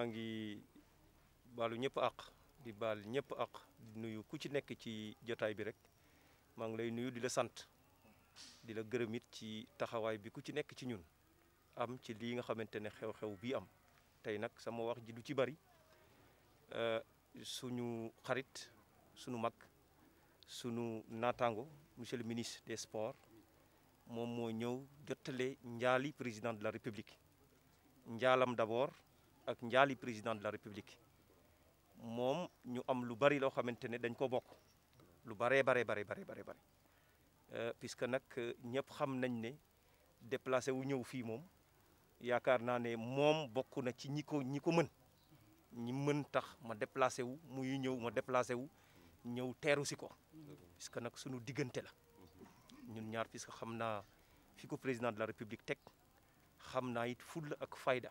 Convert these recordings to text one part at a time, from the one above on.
maa ngi baalu ñëpp àq di baal ñëpp àq nuyu ku ci nekk ci jotaay bi rek maa ngi lay nuyu di la sant di la gërëm it ci taxawaay bi ku ci nekk ci ñun am ci lii nga xamante ne xew-xew bi am tey nag sama wax ji du ci bari euh, suñu xarit suñu mag suñu naataango monsieur le ministre des sport moom moo ñëw jottale njaali président de la république njaalam d'abord ak njaali président de la république moom ñu am lu bari loo xamante ne dañ ko bokk lu baree bare bare bare bare bare euh, puisque nag ñëpp xam nañ ne déplacé wu ñëw fii moom yaakaar naa ne moom bokk na ci ñi ko ñi ko mën ñi mën tax ma déplacé wu muy ñëw ma déplacé wu ñëw teeru si ko puisque nag suñu diggante la ñun ñaar puisque xam naa fi ko président de la république teg xam naa it fulla ak fayda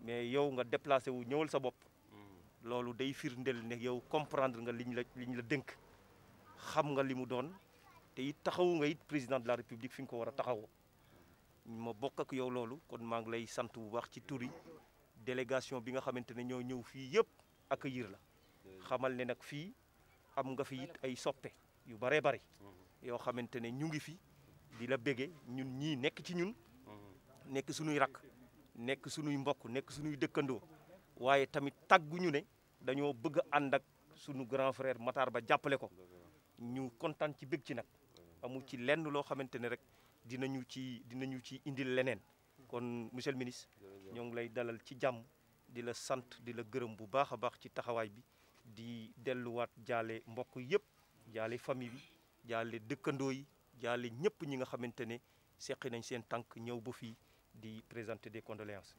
mais yow nga déplacé wu ñëwal sa bopp hmm. loolu day firndeel ne yow comprendre nga liñ la liñ la dénk xam nga li mu doon te it taxawu nga it président de la république fi nga ko war a taxawoo ma bokk ak yow loolu kon maa ngi lay sant bu baax ci turi délégation bi nga xamante ne ñoo ñëw fii yëpp accueillir la hmm. xamal ne nag fii am nga fi it ay soppe yu bëree bëri hmm. yoo xamante ne ñu ngi fi di la bége ñun ñii nekk ci ñun nekk sunuy rakk nekk suñuy mbokk nekk suñuy dëkkandoo waaye tamit tàgguñu ne dañoo bëgg a ànd ak sunu grand frère Matar Ba jàppale ko ñu kontaan ci bëgg ci nag amul ci lenn loo xamante ne rek dinañu ci dinañu ci indil leneen kon monsieur ministre ñoo ngi lay dalal ci jàmm di la sant di la gërëm bu baax a baax ci taxawaay bi di delluwaat jaale mbokk yëpp jaale famille bi jaale dëkkandoo yi jaale ñëpp ñi nga xamante ne seqi nañ seen tànk ñëw ba fii di présenter des condoléances